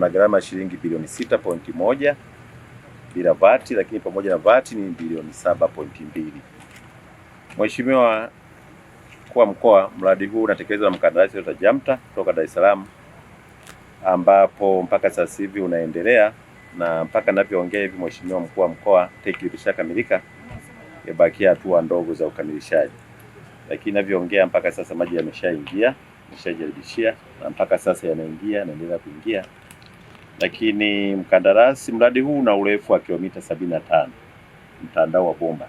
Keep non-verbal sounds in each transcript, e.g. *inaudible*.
kuna gharama ya shilingi bilioni 6.1 bila vati, lakini pamoja na vati ni bilioni 7.2. Mheshimiwa Mkuu wa Mkoa, mradi huu unatekelezwa na mkandarasi wa Jamta kutoka Dar es Salaam, ambapo mpaka sasa hivi unaendelea na mpaka ninavyoongea hivi, Mheshimiwa Mkuu wa Mkoa, teki ilishakamilika, yabakia hatua ndogo za ukamilishaji, lakini ninavyoongea mpaka sasa maji yameshaingia, nishajaribishia na mpaka sasa yanaingia, naendelea kuingia lakini mkandarasi, mradi huu una urefu wa kilomita sabini na tano mtandao wa bomba,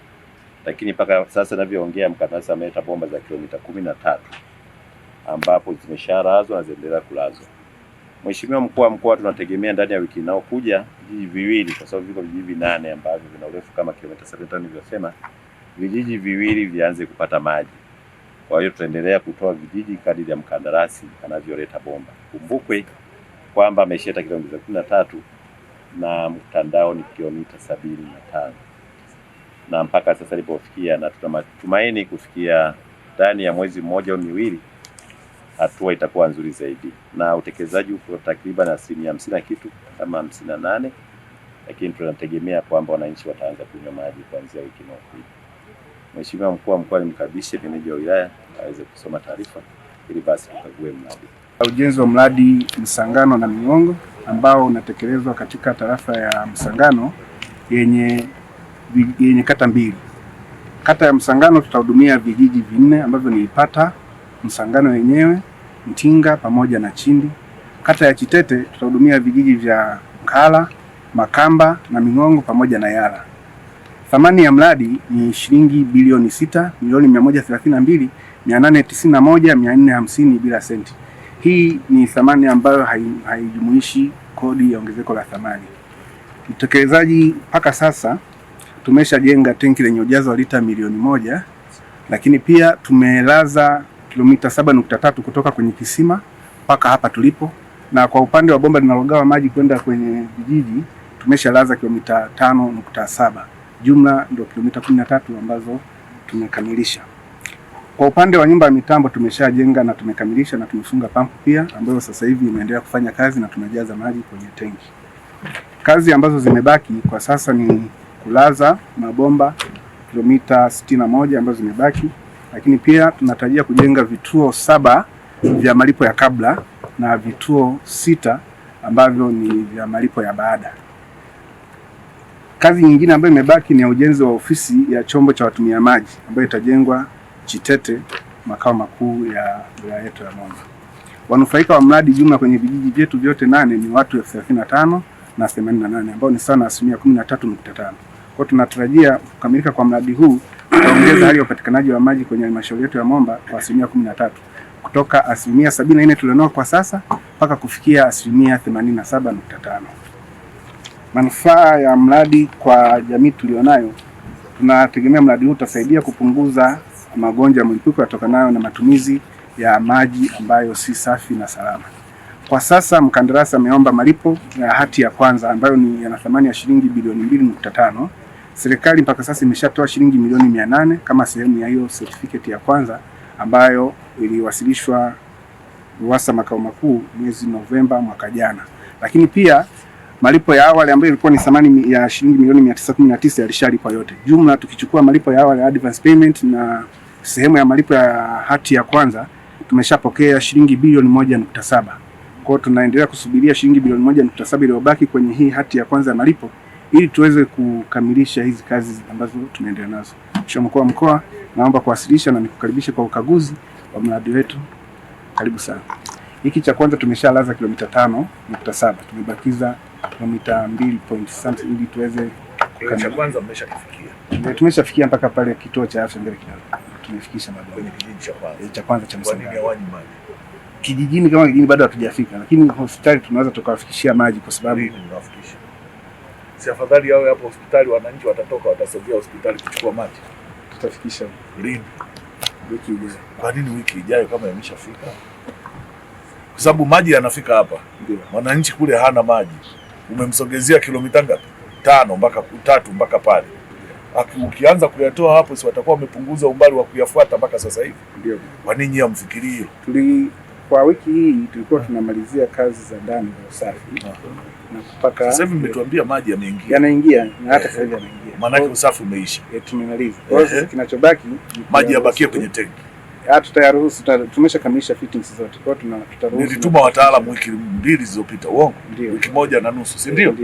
lakini mpaka sasa ninavyoongea mkandarasi ameleta bomba za kilomita kumi na tatu ambapo zimeshalazwa na zinaendelea kulazwa. Mheshimiwa mkuu wa mkoa, tunategemea ndani ya wiki inayokuja vijiji viwili, kwa sababu viko vijiji vinane ambavyo vina urefu kama kilomita sabini na tano nilivyosema, vijiji viwili vianze kupata maji. Kwa hiyo tutaendelea kutoa vijiji kadiri ya mkandarasi anavyoleta bomba. Kumbukwe kwamba ameishia takriban kilomita kumi na tatu na mtandao ni kilomita sabini na tano na mpaka sasa alipofikia, na tuna matumaini kufikia ndani ya mwezi mmoja au miwili, hatua itakuwa nzuri zaidi, na utekelezaji uko takriban asilimia hamsini na kitu kama hamsini na nane, lakini tunategemea kwamba wananchi wataanza kunywa maji kuanzia wiki inayokuja. Mheshimiwa mkuu wa mkoa, nimkabidhi meneja wa wilaya aweze kusoma taarifa ili basi tukague mradi la ujenzi wa mradi Msangano na mingongo ambao unatekelezwa katika tarafa ya Msangano yenye, yenye kata mbili. Kata ya Msangano tutahudumia vijiji vinne ambavyo ni Ipata, Msangano yenyewe, Mtinga pamoja na Chindi. Kata ya Chitete tutahudumia vijiji vya nkala Makamba na mingongo pamoja na Yala. Thamani ya mradi ni shilingi bilioni sita milioni mia moja thelathini na mbili mia nane tisini na moja mia nne hamsini bila senti. Hii ni thamani ambayo haijumuishi kodi ya ongezeko la thamani. Utekelezaji mpaka sasa tumeshajenga tenki lenye ujazo wa lita milioni moja, lakini pia tumelaza kilomita saba nukta tatu kutoka kwenye kisima mpaka hapa tulipo, na kwa upande wa bomba linalogawa maji kwenda kwenye vijiji tumeshalaza kilomita tano nukta saba Jumla ndio kilomita tatu ambazo tumekamilisha. Kwa upande wa nyumba ya mitambo tumeshajenga na tumekamilisha na tumefunga pampu pia ambayo sasa hivi imeendelea kufanya kazi na tunajaza maji kwenye tenki. Kazi ambazo zimebaki kwa sasa ni kulaza mabomba kilomita sitini na moja ambazo zimebaki, lakini pia tunatarajia kujenga vituo saba vya malipo ya kabla na vituo sita ambavyo ni vya malipo ya baada. Kazi nyingine ambayo imebaki ni ya ujenzi wa ofisi ya chombo cha watumia maji ambayo itajengwa Chitete, makao makuu ya wilaya yetu ya Momba. Wanufaika wa mradi jumla kwenye vijiji vyetu vyote nane ni watu elfu thelathini na tano na themanini na nane ambao ni sawa na asilimia kumi na tatu nukta tano. Kwa tunatarajia kukamilika kwa mradi huu utaongeza hali ya upatikanaji wa maji kwenye halmashauri yetu ya Momba kwa asilimia kumi na tatu kutoka asilimia sabini na nne tulionao kwa sasa mpaka kufikia asilimia themanini na saba nukta tano. Manufaa ya mradi kwa jamii tulionayo, tunategemea mradi huu utasaidia kupunguza magonjwa ya mlipuko yatokanayo na matumizi ya maji ambayo si safi na salama. Kwa sasa mkandarasi ameomba malipo ya hati ya kwanza ambayo ni yana thamani ya shilingi bilioni 2.5. Serikali mpaka sasa imeshatoa shilingi milioni 800 kama sehemu ya hiyo certificate ya kwanza ambayo iliwasilishwa RUWASA makao makuu mwezi Novemba mwaka jana, lakini pia malipo ya awali ambayo ilikuwa ni thamani ya shilingi milioni 919 yalishalipwa yote. Jumla tukichukua malipo ya awali advance payment na sehemu ya malipo ya hati ya kwanza tumeshapokea shilingi bilioni moja nukta saba. Kwa hiyo tunaendelea kusubiria shilingi bilioni moja nukta saba iliyobaki kwenye hii hati ya kwanza ya malipo ili tuweze kukamilisha hizi kazi ambazo tunaendelea nazo. Mheshimiwa Mkuu wa Mkoa, naomba kuwasilisha na nikukaribisha kwa ukaguzi wa mradi wetu. Karibu sana. Hiki cha kwanza tumeshalaza kilomita tano nukta saba, tumebakiza kilomita mbili point something ili tuweze kukamilisha. Tumeshafikia mpaka pale kituo cha afya mbele kidogo tumefikisha bado kwenye kijiji cha kwanza eh, cha kwanza cha kijijini, kama kijijini bado hatujafika, lakini hospitali tunaweza tukawafikishia maji kwa sababu si afadhali yao hapo hospitali, wananchi watatoka watasogea hospitali kuchukua maji. Tutafikisha lini? Wiki ijayo. Kwa nini wiki ijayo kama yameshafika? Kwa sababu maji yanafika hapa, mwananchi kule hana maji. Umemsogezea kilomita ngapi? Tano mpaka tatu mpaka pale ukianza kuyatoa hapo, si watakuwa wamepunguza umbali wa kuyafuata mpaka sasa hivi. Ndio kwa nini hamfikirie? Tuli kwa wiki hii tulikuwa tunamalizia kazi za ndani za usafi na kupaka. Sasa hivi mmetuambia maji yameingia, yanaingia na hata eh, sasa hivi yanaingia, maana usafi umeisha, eh, tumemaliza. Kwa hiyo eh, kinachobaki maji yabakie kwenye tenki Ah, tutayaruhusu, tumeshakamilisha fittings zote, kwa hiyo tutaruhusu. Nilituma wataalamu wiki mbili zilizopita, uongo, wiki moja na nusu, si ndio?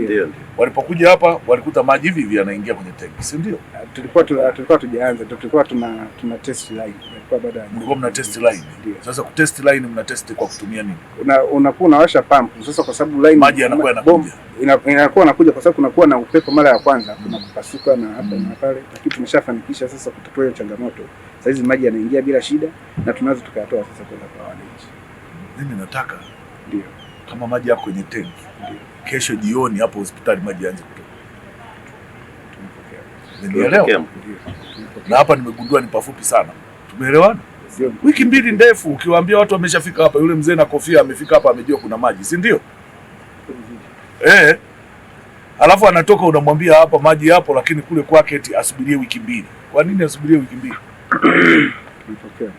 Walipokuja hapa walikuta maji hivi hivi yanaingia kwenye tanki, si ndio? Ah, tulikuwa ah, tulikuwa tujaanza, tulikuwa tuna tuna test line, tulikuwa baada ya mlikuwa mna test line. Sasa ku test line mna test kwa kutumia nini? Una unakuwa unawasha pump, sasa kwa sababu line maji yanakuwa yanakuja inakuwa nakuja kwa sababu kunakuwa na upepo mara ya kwanza, kuna kupasuka na hapa na pale, lakini tumeshafanikisha sasa kutatua hiyo changamoto. Sasa hizi maji yanaingia bila shida na tunazo tukayatoa sasa kwenda kwa wananchi. Mimi nataka ndio, kama maji yako kwenye tenki, kesho jioni hapo hospitali maji yaanze kutoka. Na hapa nimegundua ni pafupi sana. Tumeelewana? Wiki mbili ndefu ukiwaambia watu wameshafika hapa, yule mzee na kofia amefika hapa, amejua kuna maji, si ndio? Eh. Alafu anatoka unamwambia hapa maji yapo, lakini kule kwake eti asubirie wiki mbili. Kwa nini asubirie wiki mbili? *clears throat*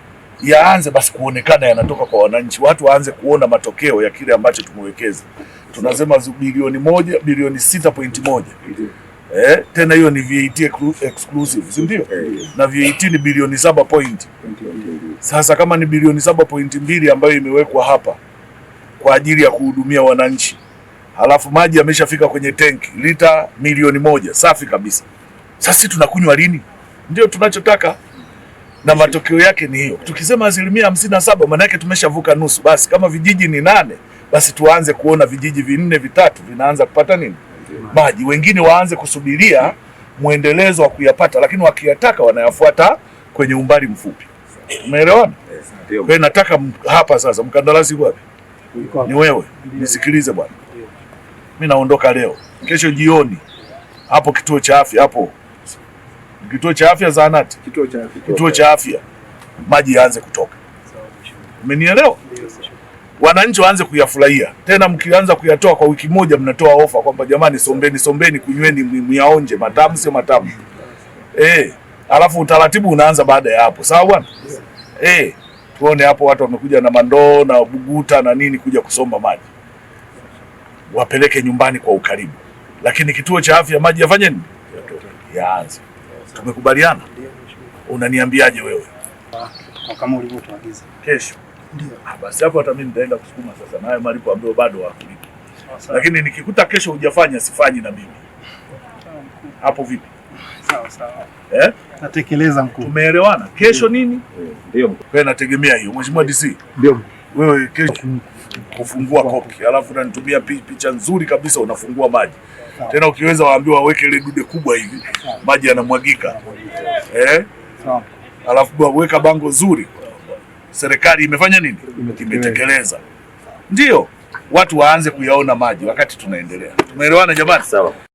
yaanze basi kuonekana yanatoka kwa wananchi, watu waanze kuona matokeo ya kile ambacho tumewekeza. Tunasema bilioni moja, bilioni sita pointi moja eh, tena hiyo ni VAT exclusive, si ndio? Na VAT ni bilioni saba pointi Sasa kama ni bilioni saba pointi mbili ambayo imewekwa hapa kwa ajili ya kuhudumia wananchi, halafu maji yameshafika kwenye tenki lita milioni moja safi kabisa. Sasa tunakunywa lini? Ndio tunachotaka na matokeo yake ni hiyo. Tukisema asilimia hamsini na saba maana yake tumeshavuka nusu. Basi kama vijiji ni nane, basi tuanze kuona vijiji vinne vitatu vinaanza kupata nini maji, wengine waanze kusubiria mwendelezo wa kuyapata, lakini wakiyataka wanayafuata kwenye umbali mfupi. Umeelewana? Kwa hiyo nataka hapa sasa, mkandarasi wapi? Ni wewe, nisikilize bwana, mi naondoka leo, kesho jioni hapo kituo cha afya hapo kituo cha afya zahanati, kituo cha afya, kituo cha afya, maji yaanze kutoka. Umenielewa? Wananchi waanze kuyafurahia tena. Mkianza kuyatoa kwa wiki moja, mnatoa ofa kwamba jamani, sombeni sombeni, kunyweni, myaonje, matamu sio matamu eh. Alafu utaratibu unaanza baada ya hapo, sawa bwana eh. Tuone hapo watu wamekuja na mandoo na buguta na nini kuja kusomba maji, wapeleke nyumbani kwa ukaribu, lakini kituo cha afya maji yafanye nini, yaanze Tumekubaliana. Unaniambiaje wewe? Ah, kama ulivyotuagiza. Kesho. Ndio. Ah, basi hapo hata mimi nitaenda kusukuma sasa na hayo malipo ambayo bado hawakilipi. Ah, Lakini nikikuta kesho hujafanya sifanyi na mimi. Hapo vipi? Sawa sawa. Eh? Natekeleza mkuu. Tumeelewana. Kesho nini? Eh, ndio. Kwa nategemea hiyo. Mheshimiwa DC. Ndio wewe kesho kufungua kopi, alafu nanitumia picha nzuri kabisa, unafungua maji tena, ukiweza waambiwa waweke ile dude kubwa hivi, maji yanamwagika eh? Alafu waweka bango zuri. Serikali imefanya nini? Imetekeleza. Ndio watu waanze kuyaona maji wakati tunaendelea. Tumeelewana jamani? Sawa.